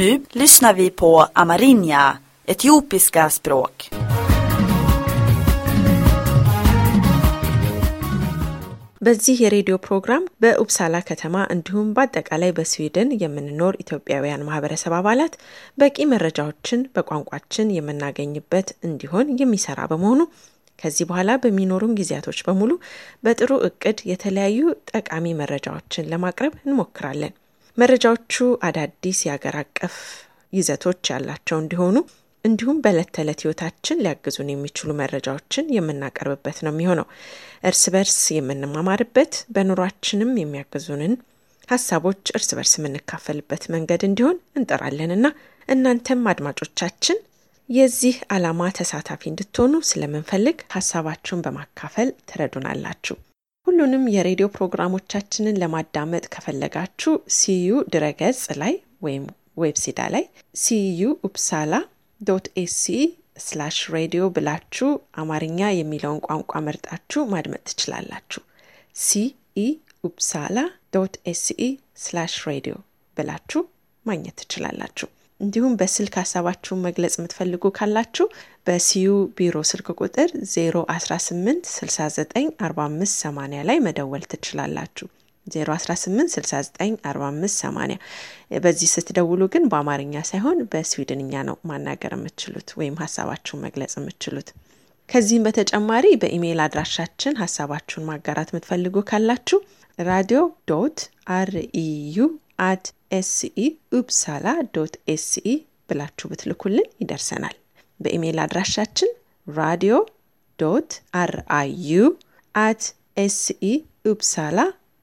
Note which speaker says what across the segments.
Speaker 1: Nu lyssnar vi på amarinja, etiopiska språk. በዚህ የሬዲዮ ፕሮግራም በኡብሳላ ከተማ እንዲሁም በአጠቃላይ በስዊድን የምንኖር ኢትዮጵያውያን ማህበረሰብ አባላት በቂ መረጃዎችን በቋንቋችን የምናገኝበት እንዲሆን የሚሰራ በመሆኑ ከዚህ በኋላ በሚኖሩን ጊዜያቶች በሙሉ በጥሩ እቅድ የተለያዩ ጠቃሚ መረጃዎችን ለማቅረብ እንሞክራለን። መረጃዎቹ አዳዲስ የአገር አቀፍ ይዘቶች ያላቸው እንዲሆኑ እንዲሁም በዕለት ተዕለት ህይወታችን ሊያግዙን የሚችሉ መረጃዎችን የምናቀርብበት ነው የሚሆነው። እርስ በርስ የምንማማርበት በኑሯችንም የሚያግዙንን ሀሳቦች እርስ በርስ የምንካፈልበት መንገድ እንዲሆን እንጠራለንና እናንተም አድማጮቻችን የዚህ ዓላማ ተሳታፊ እንድትሆኑ ስለምንፈልግ ሀሳባችሁን በማካፈል ትረዱናላችሁ። ሁሉንም የሬዲዮ ፕሮግራሞቻችንን ለማዳመጥ ከፈለጋችሁ ሲዩ ድረገጽ ላይ ወይም ዌብሲዳ ላይ ሲዩ ኡፕሳላ ዶት ኤሲ ስላሽ ሬዲዮ ብላችሁ አማርኛ የሚለውን ቋንቋ መርጣችሁ ማድመጥ ትችላላችሁ። ሲኢ ኡፕሳላ ዶት ኤሲኢ ስላሽ ሬዲዮ ብላችሁ ማግኘት ትችላላችሁ። እንዲሁም በስልክ ሀሳባችሁን መግለጽ የምትፈልጉ ካላችሁ በሲዩ ቢሮ ስልክ ቁጥር 018 ላይ መደወል ትችላላችሁ። 018 በዚህ ስትደውሉ ግን በአማርኛ ሳይሆን በስዊድንኛ ነው ማናገር የምችሉት ወይም ሀሳባችሁን መግለጽ የምችሉት ከዚህም በተጨማሪ በኢሜይል አድራሻችን ሀሳባችሁን ማጋራት የምትፈልጉ ካላችሁ ራዲዮ ዶት አርኢዩ አት ኤስኢ ኡፕሳላ ዶት ኤስሲኢ ብላችሁ ብትልኩልን ይደርሰናል። በኢሜይል አድራሻችን ራዲዮ ዶት አርአዩ አት ኤስሲኢ ኡፕሳላ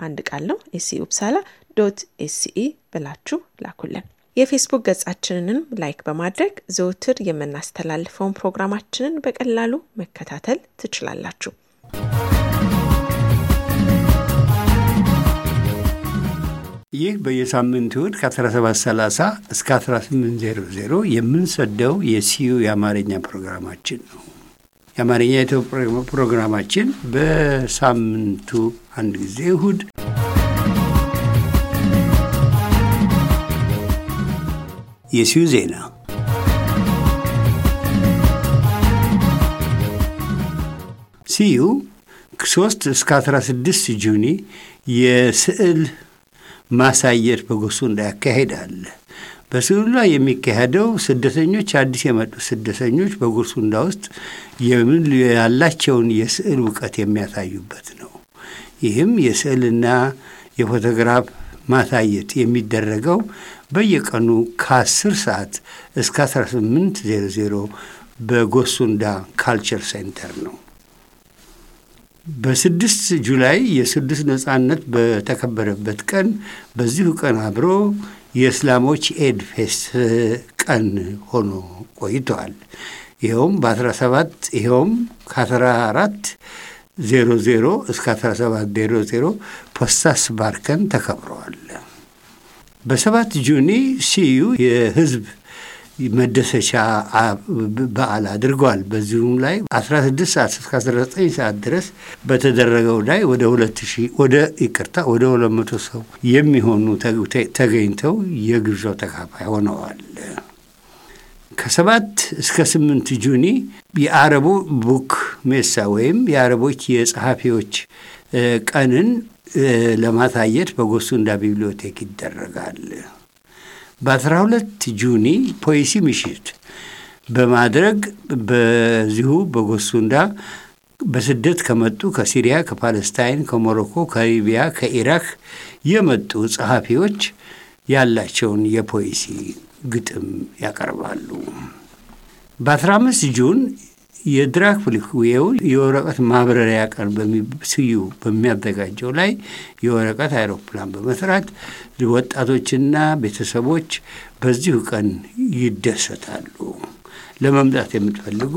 Speaker 1: አንድ ቃል ነው ኤስኢ ኡፕሳላ ዶት ኤስሲኢ ብላችሁ ላኩልን። የፌስቡክ ገጻችንንም ላይክ በማድረግ ዘውትር የምናስተላልፈውን ፕሮግራማችንን በቀላሉ መከታተል ትችላላችሁ።
Speaker 2: ይህ በየሳምንቱ እሁድ ከ1730 እስከ 1800 የምንሰደው የሲዩ የአማርኛ ፕሮግራማችን ነው። የአማርኛ ኢትዮ ፕሮግራማችን በሳምንቱ አንድ ጊዜ እሁድ የሲዩ ዜና ሲዩ 3 እስከ 16 ጁኒ የስዕል ማሳየት በጎሱ እንዳያካሄድ አለ። በስዕሉ ላይ የሚካሄደው ስደተኞች አዲስ የመጡ ስደተኞች በጉርሱንዳ ውስጥ የምን ያላቸውን የስዕል እውቀት የሚያሳዩበት ነው። ይህም የስዕልና የፎቶግራፍ ማሳየት የሚደረገው በየቀኑ ከ10 ሰዓት እስከ 1800 በጎሱንዳ ካልቸር ሴንተር ነው። በስድስት ጁላይ የስድስት ነጻነት በተከበረበት ቀን በዚሁ ቀን አብሮ የእስላሞች ኤድ ፌስት ቀን ሆኖ ቆይተዋል። ይኸውም በ17 ይኸውም ከ14 00 እስከ 17 00 ፖስታስ ባርከን ተከብረዋል። በሰባት ጁኒ ሲዩ የህዝብ መደሰቻ በዓል አድርጓል። በዚሁም ላይ 16 ሰዓት እስከ 19 ሰዓት ድረስ በተደረገው ላይ ወደ 2000 ወደ ይቅርታ ወደ 200 ሰው የሚሆኑ ተገኝተው የግብዣው ተካፋይ ሆነዋል። ከሰባት እስከ ስምንት ጁኒ የአረቡ ቡክ ሜሳ ወይም የአረቦች የጸሐፊዎች ቀንን ለማሳየት በጎሱንዳ ቢብሊዮቴክ ይደረጋል። በ12 ጁኒ ፖሊሲ ምሽት በማድረግ በዚሁ በጎሱንዳ በስደት ከመጡ ከሲሪያ፣ ከፓለስታይን፣ ከሞሮኮ፣ ከሊቢያ፣ ከኢራክ የመጡ ጸሐፊዎች ያላቸውን የፖሊሲ ግጥም ያቀርባሉ። በ15 ጁን ፍሊክ ዌው የወረቀት ማብረሪያ ቀን ስዩ በሚያዘጋጀው ላይ የወረቀት አይሮፕላን በመስራት ወጣቶችና ቤተሰቦች በዚሁ ቀን ይደሰታሉ። ለመምጣት የምትፈልጉ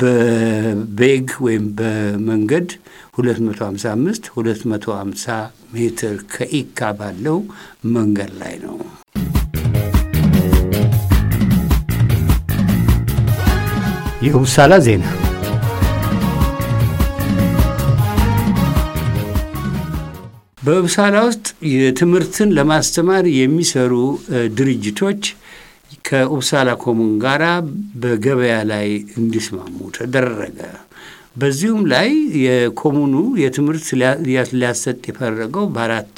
Speaker 2: በቤግ ወይም በመንገድ 255 250 ሜትር ከኢካ ባለው መንገድ ላይ ነው። የውሳላ ዜና በውሳላ ውስጥ የትምህርትን ለማስተማር የሚሰሩ ድርጅቶች ከኡብሳላ ኮሙን ጋር በገበያ ላይ እንዲስማሙ ተደረገ። በዚሁም ላይ የኮሙኑ የትምህርት ሊያሰጥ የፈረገው በአራት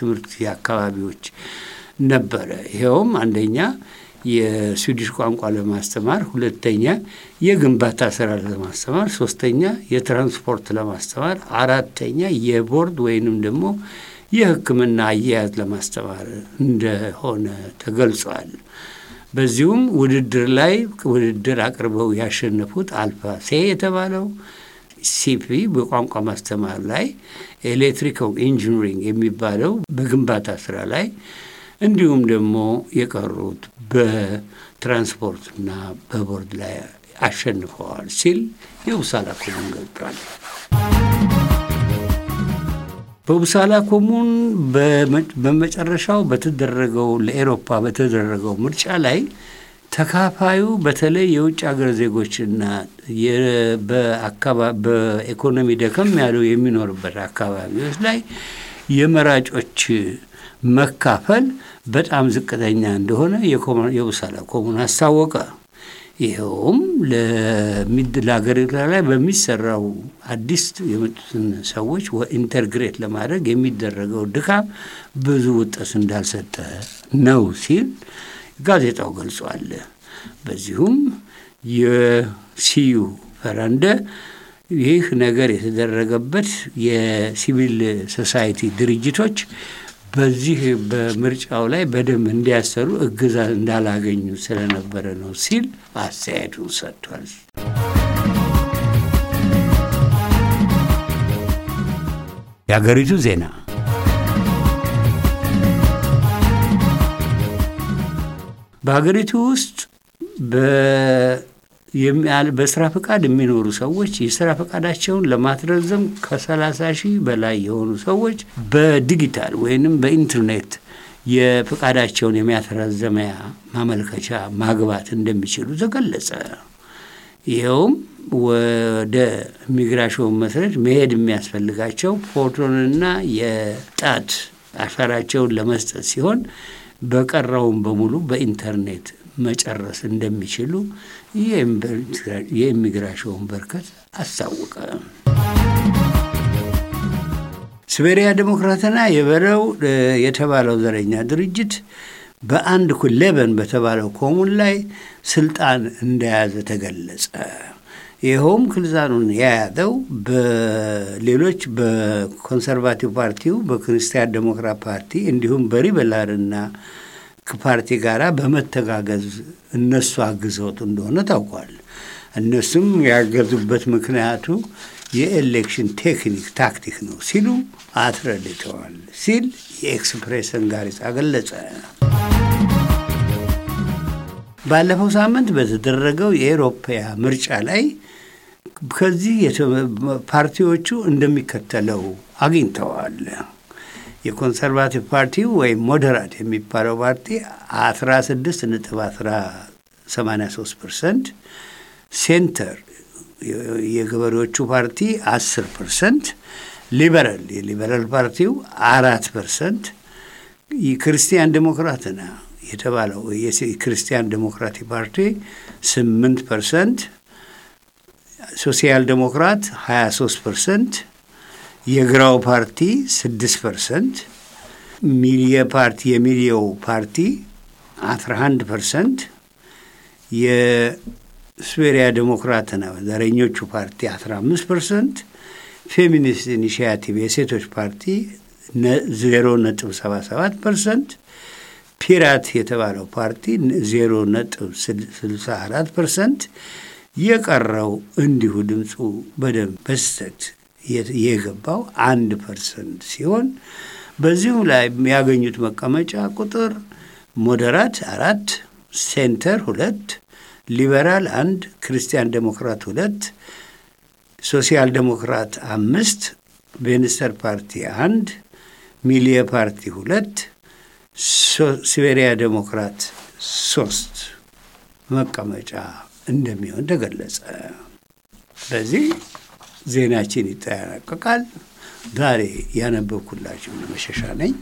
Speaker 2: ትምህርት አካባቢዎች ነበረ። ይኸውም አንደኛ የስዊዲሽ ቋንቋ ለማስተማር፣ ሁለተኛ የግንባታ ስራ ለማስተማር፣ ሶስተኛ የትራንስፖርት ለማስተማር፣ አራተኛ የቦርድ ወይንም ደግሞ የሕክምና አያያዝ ለማስተማር እንደሆነ ተገልጿል። በዚሁም ውድድር ላይ ውድድር አቅርበው ያሸነፉት አልፋ ሴ የተባለው ሲፒ በቋንቋ ማስተማር ላይ ኤሌክትሪካል ኢንጂነሪንግ የሚባለው በግንባታ ስራ ላይ እንዲሁም ደግሞ የቀሩት በትራንስፖርትና በቦርድ ላይ አሸንፈዋል ሲል የውሳላ ኮሙን ገልጧል። በውሳላ ኮሙን በመጨረሻው በተደረገው ለኤሮፓ በተደረገው ምርጫ ላይ ተካፋዩ በተለይ የውጭ ሀገር ዜጎችና በኢኮኖሚ ደከም ያሉ የሚኖርበት አካባቢዎች ላይ የመራጮች መካፈል በጣም ዝቅተኛ እንደሆነ የቡሳላ ኮሙን አስታወቀ። ይኸውም ለሀገር ላይ በሚሰራው አዲስ የመጡትን ሰዎች ኢንተርግሬት ለማድረግ የሚደረገው ድካም ብዙ ውጤት እንዳልሰጠ ነው ሲል ጋዜጣው ገልጿል። በዚሁም የሲዩ ፈረንደ ይህ ነገር የተደረገበት የሲቪል ሶሳይቲ ድርጅቶች በዚህ በምርጫው ላይ በደንብ እንዲያሰሩ እገዛ እንዳላገኙ ስለነበረ ነው ሲል አስተያየቱን ሰጥቷል። የአገሪቱ ዜና በሀገሪቱ ውስጥ በ በስራ ፈቃድ የሚኖሩ ሰዎች የስራ ፈቃዳቸውን ለማትረዘም ከሰላሳ ሺህ በላይ የሆኑ ሰዎች በዲጂታል ወይንም በኢንተርኔት የፈቃዳቸውን የሚያስረዘሚያ ማመልከቻ ማግባት እንደሚችሉ ተገለጸ። ይኸውም ወደ ኢሚግሬሽን መስረት መሄድ የሚያስፈልጋቸው ፎቶንና የጣት አሻራቸውን ለመስጠት ሲሆን በቀረውም በሙሉ በኢንተርኔት መጨረስ እንደሚችሉ የኢሚግራሽን በርከት አስታወቀ። ስቤሪያ ዴሞክራትና የበለው የተባለው ዘረኛ ድርጅት በአንድ ሌበን በተባለው ኮሙን ላይ ስልጣን እንደያዘ ተገለጸ። ይኸውም ክልዛኑን የያዘው በሌሎች በኮንሰርቫቲቭ ፓርቲው በክርስቲያን ዴሞክራት ፓርቲ እንዲሁም በሪበላርና ከፓርቲ ጋር በመተጋገዝ እነሱ አግዘውት እንደሆነ ታውቋል። እነሱም ያገዙበት ምክንያቱ የኤሌክሽን ቴክኒክ ታክቲክ ነው ሲሉ አስረድተዋል ሲል የኤክስፕሬስን ጋዜጣ ገለጸ። ባለፈው ሳምንት በተደረገው የኤሮፓያ ምርጫ ላይ ከዚህ ፓርቲዎቹ እንደሚከተለው አግኝተዋል። የኮንሰርቫቲቭ ፓርቲ ወይም ሞደራት የሚባለው ፓርቲ 16 ነጥብ 83 ፐርሰንት፣ ሴንተር የገበሬዎቹ ፓርቲ 10 ፐርሰንት፣ ሊበራል የሊበራል ፓርቲው አራት ፐርሰንት፣ ክርስቲያን ዴሞክራት ና የተባለው የክርስቲያን ዴሞክራት ፓርቲ 8 ፐርሰንት፣ ሶሲያል ዴሞክራት 23 ፐርሰንት የግራው ፓርቲ 6 ፐርሰንት፣ ሚሊየ ፓርቲ የሚሊየው ፓርቲ 11 ፐርሰንት፣ የስዌሪያ ዴሞክራት ነው ዘረኞቹ ፓርቲ 15 ፐርሰንት፣ ፌሚኒስት ኢኒሽያቲቭ የሴቶች ፓርቲ 0.77 ፐርሰንት ፒራት የተባለው ፓርቲ 0.64 ፐርሰንት የቀረው እንዲሁ ድምፁ በደንብ በስተት የገባው አንድ ፐርሰንት ሲሆን በዚሁም ላይ የሚያገኙት መቀመጫ ቁጥር ሞደራት አራት፣ ሴንተር ሁለት፣ ሊበራል አንድ፣ ክርስቲያን ዴሞክራት ሁለት፣ ሶሲያል ዴሞክራት አምስት፣ ቬኒስተር ፓርቲ አንድ፣ ሚሊየ ፓርቲ ሁለት፣ ሲቤሪያ ዴሞክራት ሶስት መቀመጫ እንደሚሆን ተገለጸ። በዚህ ዜናችን ይጠናቀቃል። ዛሬ ያነበብኩላችሁ መሸሻ ነኝ።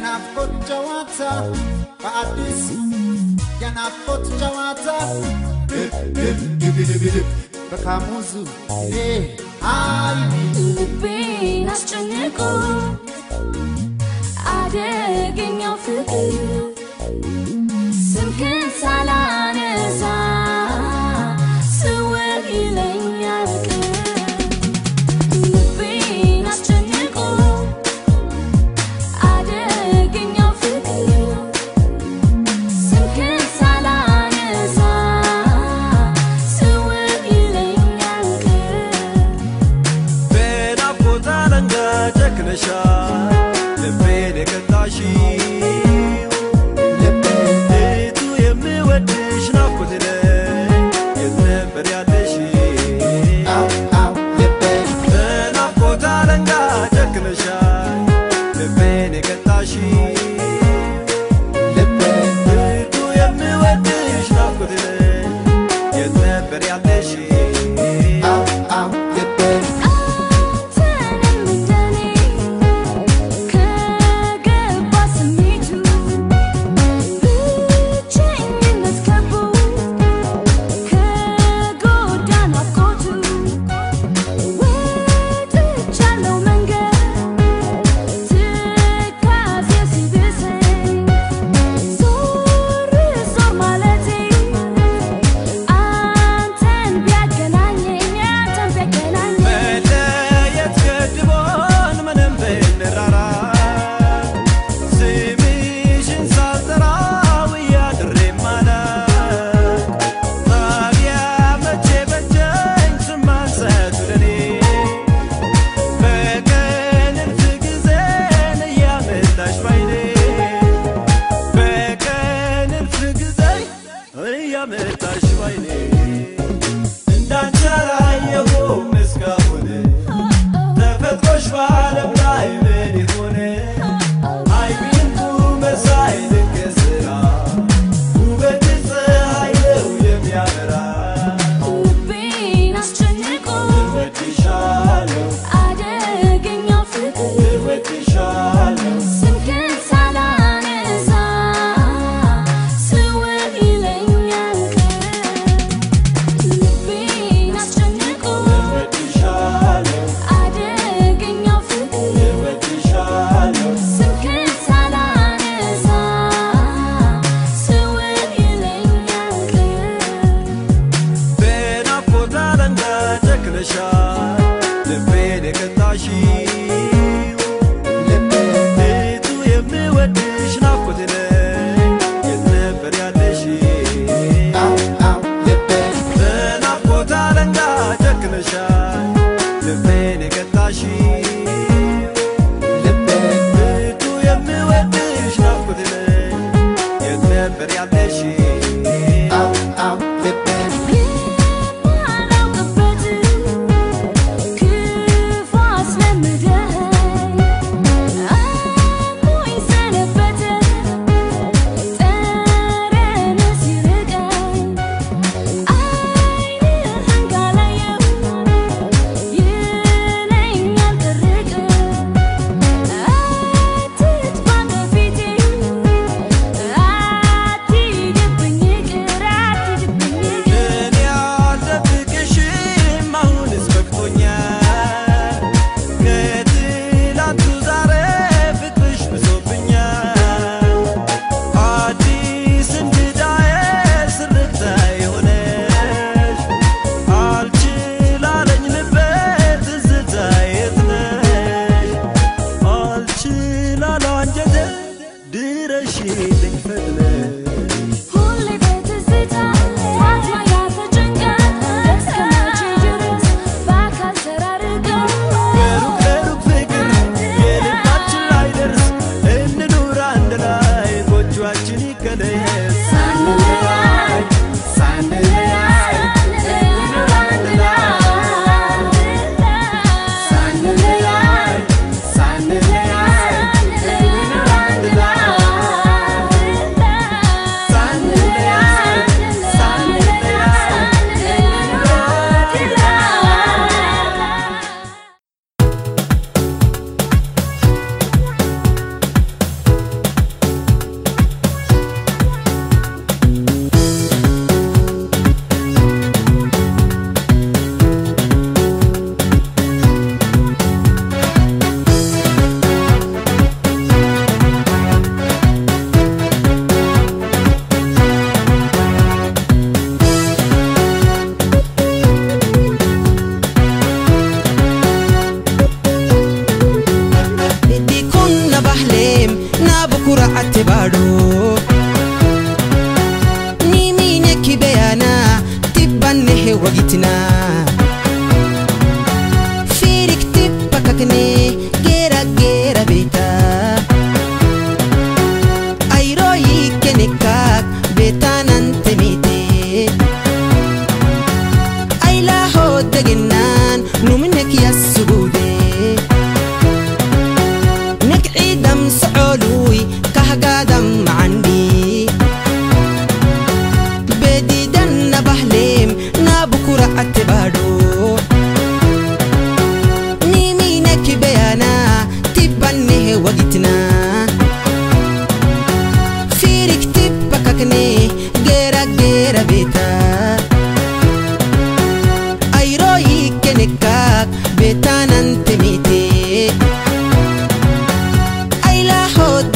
Speaker 3: የናፍቆት ጨዋታ በአዲስ የናፍቆት ጨዋታ
Speaker 2: ድብድብድብድብ በካሙዙ አይ
Speaker 3: አደገኛው ፍቅር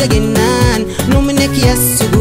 Speaker 4: tegennan, nomenek yassu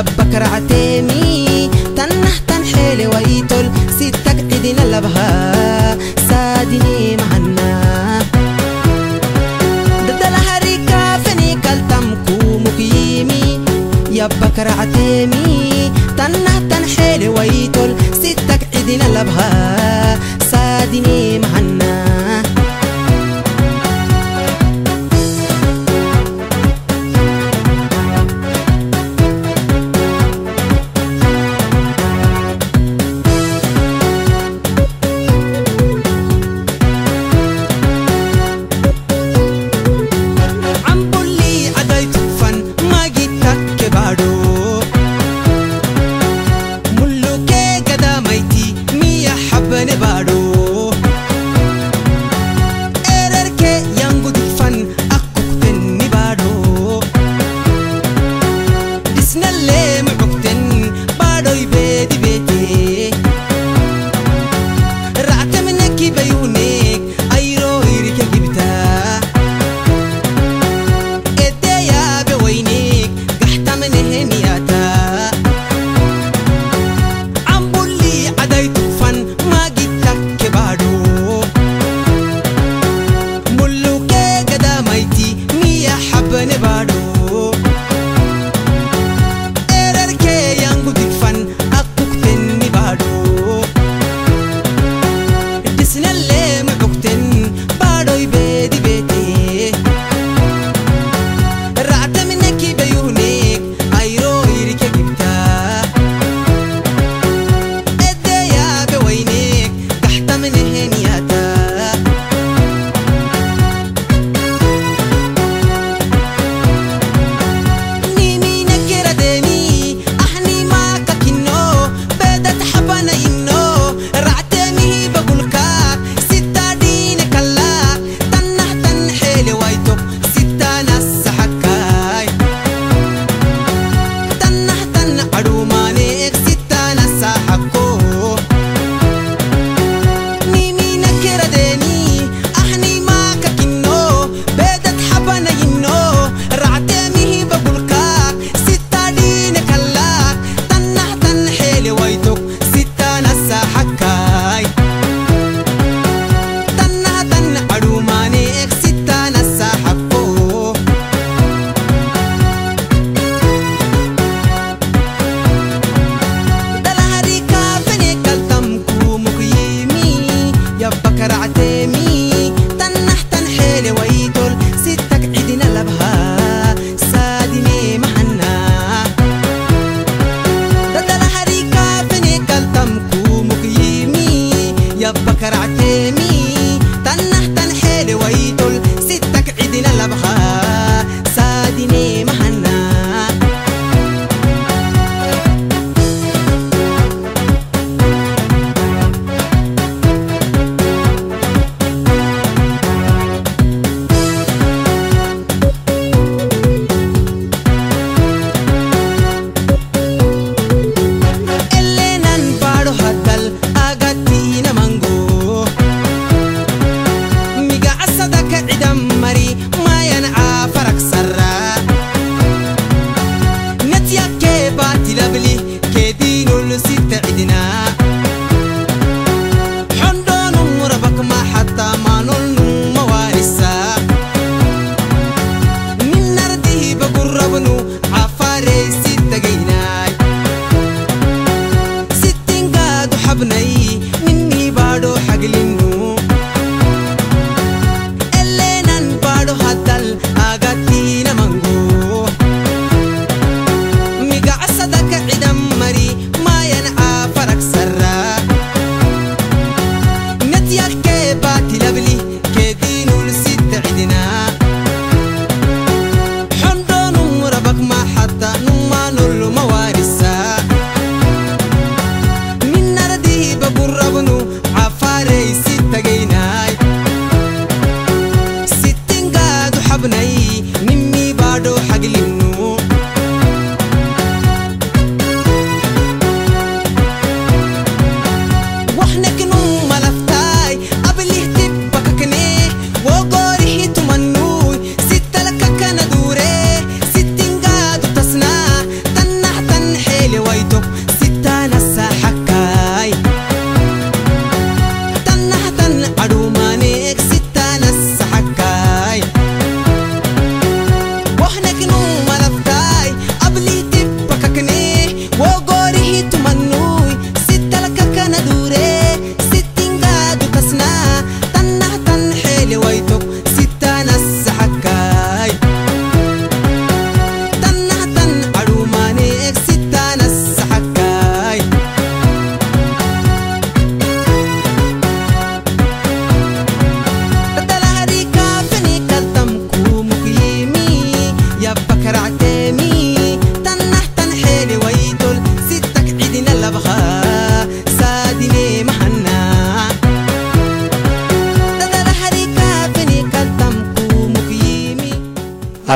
Speaker 4: لبك رعتيمي تنح تنحيلي ويتل ستك عدنا لبها سادني معنا ضد هريكا فني كلتمكو مقيمي يبك رعتيمي تنح تنحيلي ويتل ستك عدنا لبها سادني معنا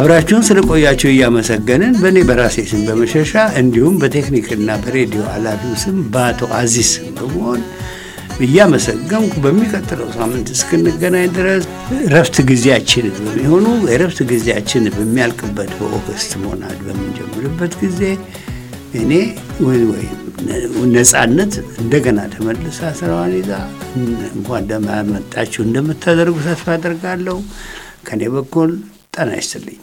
Speaker 2: አብራችሁን ስለቆያችሁ እያመሰገንን በእኔ በራሴ ስም በመሸሻ እንዲሁም በቴክኒክና በሬዲዮ ኃላፊው ስም በአቶ አዚስ ስም በመሆን እያመሰገንኩ በሚቀጥለው ሳምንት እስክንገናኝ ድረስ እረፍት ጊዜያችን በሚሆኑ የእረፍት ጊዜያችን በሚያልቅበት በኦገስት ሞናድ በምንጀምርበት ጊዜ እኔ ነፃነት እንደገና ተመልሳ ስራዋን ይዛ እንኳን ደህና መጣችሁ እንደምታደርጉ ተስፋ አደርጋለሁ። ከኔ በኩል ጤና ይስጥልኝ።